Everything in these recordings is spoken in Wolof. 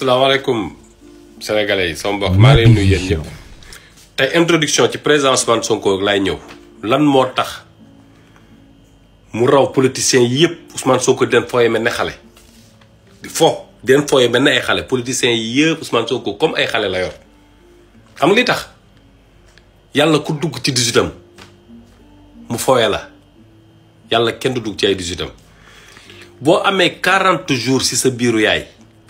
salaamaaleykum sénégalais yi sama mbokk maa ngi leen nuyu yéen ñëpp introduction ci président Ousmane Sonko laay ñëw lan moo tax mu raw politiciens yëpp Ousmane Sonko den fooye mel ne xale di fo den mel ne ay xale politiciens yëpp Ousmane Sonko comme ay xale la yor xam li tax yàlla ku dugg ci 18 mu fooye la yàlla kenn du dugg ci ay 18 boo amee 40 jours si sa biiru yaay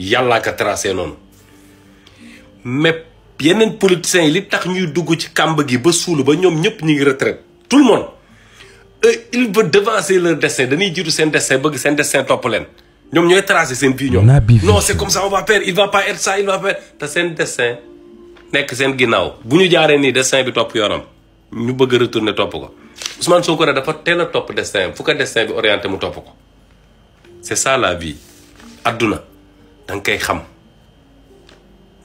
yalla ka tracé non mais yeneen politiciens li tax ñuy dugg ci kàmb gi ba sulu ba ñom ñëpp ñi ngi retraite tout le monde euh, il veut devancer leur destin dañuy jiitu sen destin bëgg sen destin top leen ñom ñoy tracé sen vie ñom non c'est comme ça on va perdre il va pas être ça il va perdre ta sen destin nek sen ginnaaw buñu ñu ni destin bi top yoonam ñu bëgg retourner top ko Ousmane Sonko ne dafa teel top destin fu ka destin bi orienté mu top ko c'est ça la vie aduna da nga xam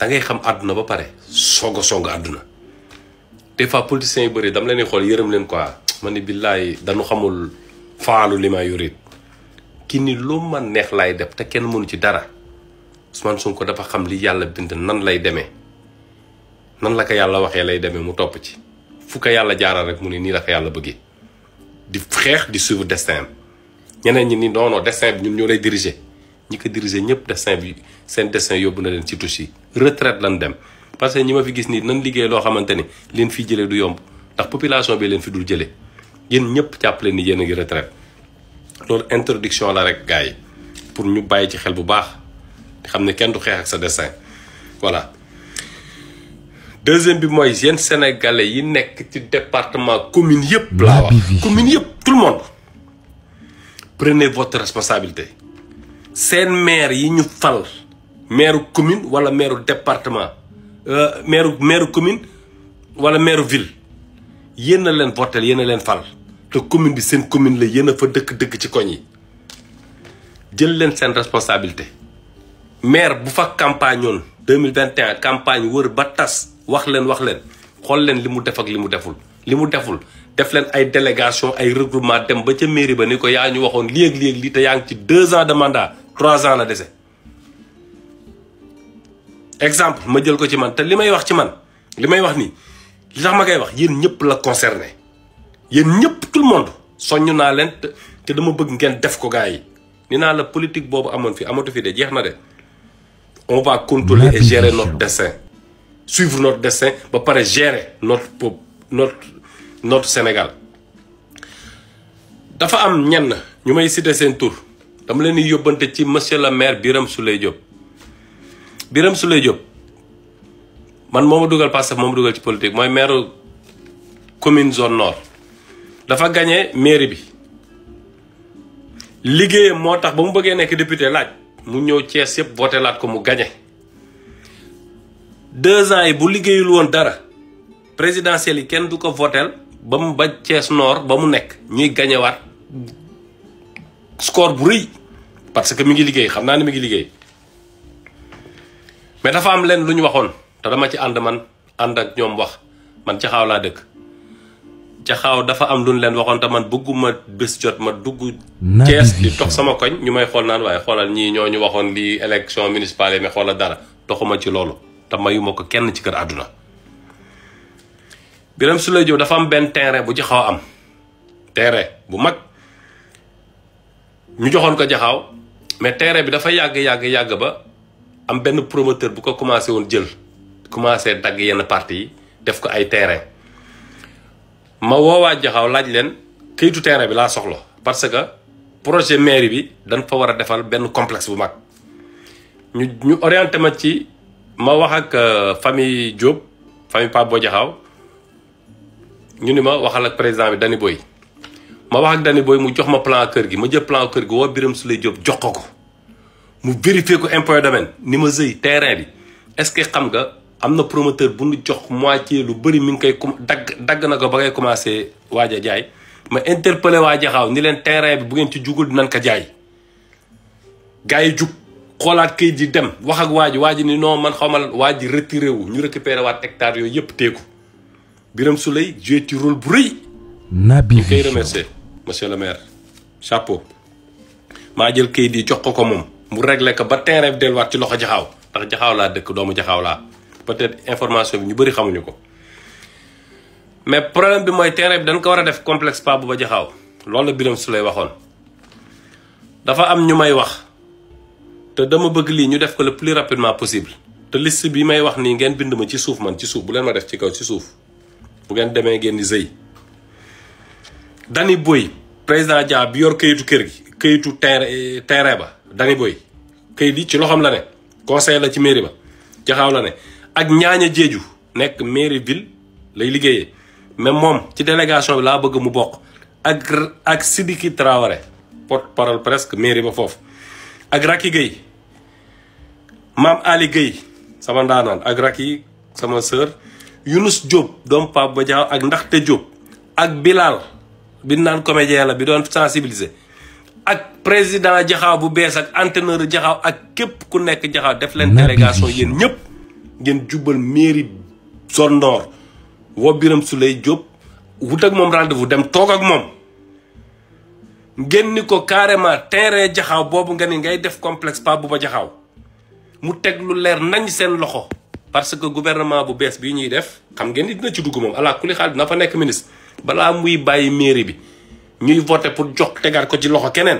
da ngay xam aduna ba pare songo songo aduna àdduna des fois politiciens yu bëri dama leen di xool quoi ma ni dañu xamul faalu lima ma yorit ki ni lu ma neex lay def te kenn mënu ci dara Ousmane Sonko dafa xam li Yalla bind nan lay nan la ko Yalla waxé lay mu top ci fu Yalla jaara rek mu ni la ko Yalla bëggé di frère di suivre destin ñeneen ñi ni nono destin bi ñun ñolay diriger. ñi ko diriger ñëpp destin bi seen destin yóbbu na leen ci touche yi retraite lan dem parce que ñi ma fi gis ni nan liggéey loo xamante ni leen fi jëlee du yomb ndax population bi leen fi dul jëlee yéen ñëpp jàppale ni yéen a ngi retraite loolu introduction la rek gars yi pour ñu bàyyi ci xel bu baax xam ne kenn du xeex ak sa destin voilà. deuxième bi mooy yéen sénégalais yi nekk ci département commune yëpp. laa wax commune yëpp tout le monde. prenez votre responsabilité. seen maire yi ñu fal maire commune wala maire département euh, maire maire commune wala maire ville yéen a leen votel yéen leen fal te commune bi seen commune la yéen a fa dëkk dëkk ci koñ yi jël leen seen responsabilité maire bu fa campagne oon 2021 campagne wër ba tas wax leen wax leen xool leen li mu def ak li mu deful li mu deful def leen ay délégation ay regroupement dem ba ca mairie ba ni ko yaa ñu waxoon lii ak lii ak lii te yaa ngi ci deux ans de trois ans la dese exemple ma jël ko ci man te li may wax ci man li may wax nii li tax ma koy wax yéen ñëpp la concerné yéen ñëpp tout le monde soññ naa leen te dama bëgg ngeen def ko gars yi ni naa la politique boobu amoon fi amatu fi de jeex na de on va contrôler et gérer notre destin suivre notre destin ba pare gérer notre peuple notre notre Sénégal dafa am ñenn ñu may citer seen tour dama leen di yóbbante ci monsieur la maire biram Souleye job biram Souleye job man moo dugal Pastef moo dugal ci politique moy maire commune zone nord dafa gagné maire bi liggéeyam motax tax ba mu bëggee nekk député laaj mu ñëw Thiès yëpp voter laat ko mu gagné deux ans yi bu liggéeyul won dara présidentiel yi kenn du ko votel bam ba ties nord ba mu nekk ñuy war score bu reuy parce que mi ngi liggéey xamna ni mi ngi liggéey mais dafa am len luñu waxone ta dama ci and man and ak ñom wax man la dekk ci xaw dafa am luñu len waxone ta man bëgguma bës jot ma dugg ties di tok sama koñ ñu may xol naan way xolal ñi ñoo ñu waxoon lii élection municipale mi xolal dara doxuma ci lolu ta mayuma ko kenn ci kër aduna biram sulay jow dafa am ben terrain bu xaw am terrain bu mag ñu joxoon ko jaxaw mais terrain bi dafa yàgg yàgg yàgg ba am benn promoteur bu ko commencé woon jël commencé dagg yenn parti yi def ko ay terrain ma woowaa jaxaaw laaj leen këyitu terrain bi laa soxla parce que projet mairie bi dañ fa war a defal benn complexe bu mag ñu ñu orienté ma ci ma wax ak euh, famille Diop famille Pape Bo Jaxaaw ñu ni ma waxal ak président bi Dani Boy ma wax ak Dany booy mu jox ma plan kër gi ma jël plan kër gi woo Birame Souleye Diop jox ko ko mu vérifier ko impôt domaine ni ma sëy terrain bi est-ce que xam nga am na promoteur bu nu jox moitié lu bëri mi ngi koy dagg dagg na ko ba ngay commencé waaj a jaay ma interpellé waa Jaxaaw ni leen terrain bi bu ngeen ci jugul dinañ ko jaay gars yi jug xoolaat kayit yi dem wax ak waa waa ji ni non man xawmal waa ji retiré wu ñu récupéré waat yooyu yëpp teeku Birame Souleye joué ci rôle bu rëy Naby Vision ñu koy remercier monsieur le maire chapeau maa jël kayit yi jox ko ko moom mu réglé ko ba terrain bi delluwaat ci loxo jaxaaw ndax jaxaaw laa dëkk doomu jaxaw laa peut-être information bi ñu bëri xamuñu ko mais problème bi mooy terrain bi dañ ko war a def complexe pas bu ba jaxaaw loolu la su lay waxoon dafa am ñu may wax te dama bëgg lii ñu def ko le plus rapidement possible te list bi may wax nii ngeen bind ma ci suuf man ci suuf bu leen ma def ci kaw ci suuf bu ngeen demee ngeen di zëy Dani Boy président Dia bi yor kayitu kër gi kayitu terre terrain ba Dani Boy kayit yi ci loxoom la ne conseil la ci mairie ba jaxaaw la ne ak ñaaña jeeju nekk mairie ville lay liggéeyee mais moom ci délégation bi laa bëgg mu bokk ak ak Sidiki Traoré porte parole presque mairie ba foofu ak Racky Gueye maam Ali Gueye sama ndaanaan ak Racky sama sœur Younous Diop doom Pape Ba Diaw ak Ndaxte Diop ak Bilal bi naan comédien la bi doon sensibiliser ak président jaxaaw bu bees ak entraîneur jaxaaw ak képp ku nekk jaxaaw def leen délégation yéen ñëpp ngeen jubbal mairie zone nord woo Biram Souleye Diop wut ak moom rendez-vous dem toog ak moom ngeen ni ko carrément terrain jaxaaw boobu nga ni ngay def complexe pas bu ba jaxaaw mu teg lu leer nañ seen loxo parce que gouvernement bu bees bii ñuy def xam ngeen ni dina ci dugg moom ala kulli xaal na fa nekk ministre balaa muy baye mairie bi ñuy voter pour jox tegaat ko ci loxo keneen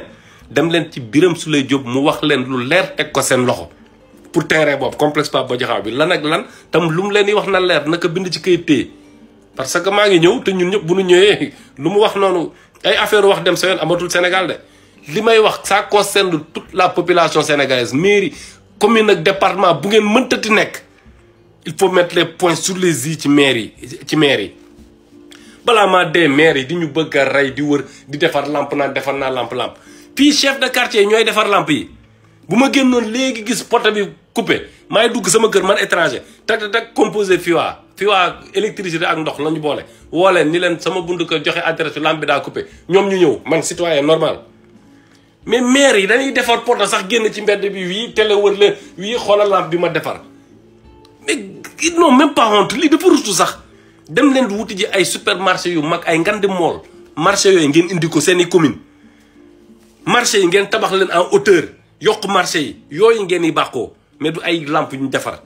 dem len ci biram soulay job mu wax len lu leer teg ko sen loxo pour terrain boobu complexe Papa Boy Diakhao bi lan ak lan tam lu mu leen wax na leer naka bind ci kayit téye parce que ma ngi ñew te ñun ñep bu ñu ñewé lu mu wax noonu ay affaire wax dem sen amatul Sénégal de limay may wax ça concerne toute la population sénégalaise mairie commune ak département bu ngeen mëntati nek il faut mettre les points sur les i ci mairie ci mairie balaa maa dee maire yi di ñu bëgg a rey di wër di defar lamp naan defar naa lamp lamp fii chef de quartier ñooy defar lamp yi bu ma génnoon léegi gis porte bi coupé maay dugg sama kër man étranger tak tak composé fii waa fii waa électricité ak ndox la ñu boole woo leen ni leen sama buntu ko joxe adresse lamp bi daa coupé ñoom ñu ñëw man citoyen normal mais maire yi dañuy defar porte sax génn ci mbedd bi wii télé wër leen wii xoolal lamp bi ma defar mais sax dem len di wuti ji ay supermarché yu mag ay ngand mall marché yooyu ngeen indi ko seni commune marché yi ngeen tabax len en hauteur yok marché yi yooyu ngeen yi bako mais du ay lampe ñu defar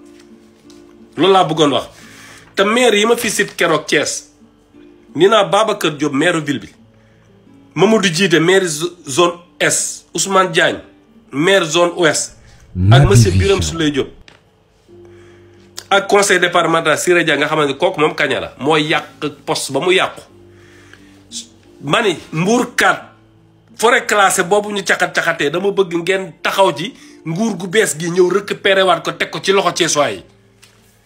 lool la bëggon wax te maire yi ma fi sit kérok Thiès ni naa Babacar Diop maire ville bi Mamadou jité maire zone s Ousmane Diagne maire zone ouest ak monsieur biram souley Diop ak conseil départemental Siré Dia nga kok kok mom kaña la moy yak poste ba mu yak mané mbour kat foré classé bobu ñu tiaxat tiaxaté dama bëgg ngeen taxaw ji nguur gu bes gi ñew récupérer waat ko tek ko ci loxo ci soyi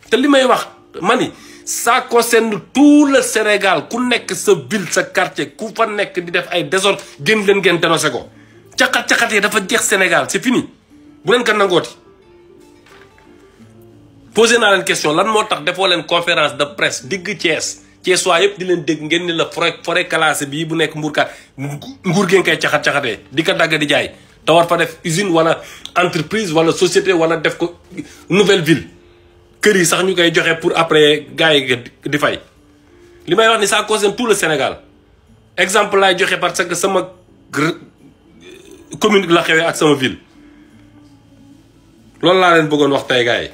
té limay wax mané ça concerne tout le Sénégal ku nekk sa ville sa quartier ku fa nekk di def ay désordre gën leen gën dénoncé ko tiaxat tiaxaté dafa jex Sénégal c'est fini bu len ko nangoti posé naa leen question lan moo tax defoo leen conférence de presse digg Thiès Thiès waa yëpp di leen dégg ngeen ni la forêt forêt classée bii bu nekk mbuurkat nguur ngeen kay caxat caxatee di ko dagg di jaay te war fa def usine wala entreprise wala société wala def ko nouvelle ville kër yi sax ñu koy joxe pour après gars yi di fay. li may wax ni ça concerne tout le Sénégal exemple laay joxe parce que sama commune la xewee ak sama ville loolu laa leen bëggoon wax tey yi.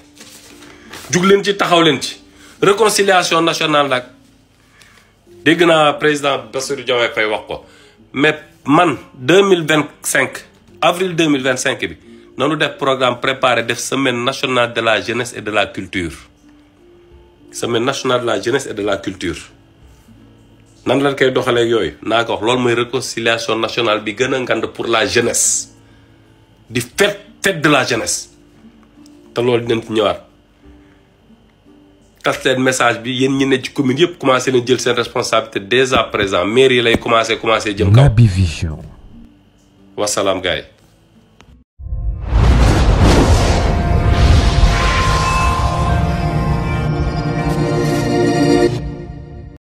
Je vous ci taxaw réconciliation nationale nag dégg na président Bassirou fay wax ko mais man 2025, avril 2025. Nous avons un bi def programme préparé def semaine nationale de la jeunesse et de la culture semaine nationale de la jeunesse et de la culture Nous avons une ak yoy wax réconciliation nationale bi gëna ngand pour la jeunesse di fête de la jeunesse te lol dinañ ci ñëwaat. tas message bi yéen ñi ne ci commune yëpp commencé leen jël seen responsabilité dès à présent mairie lay commencé commencé jëm kaw Naby Vision wasalaam gars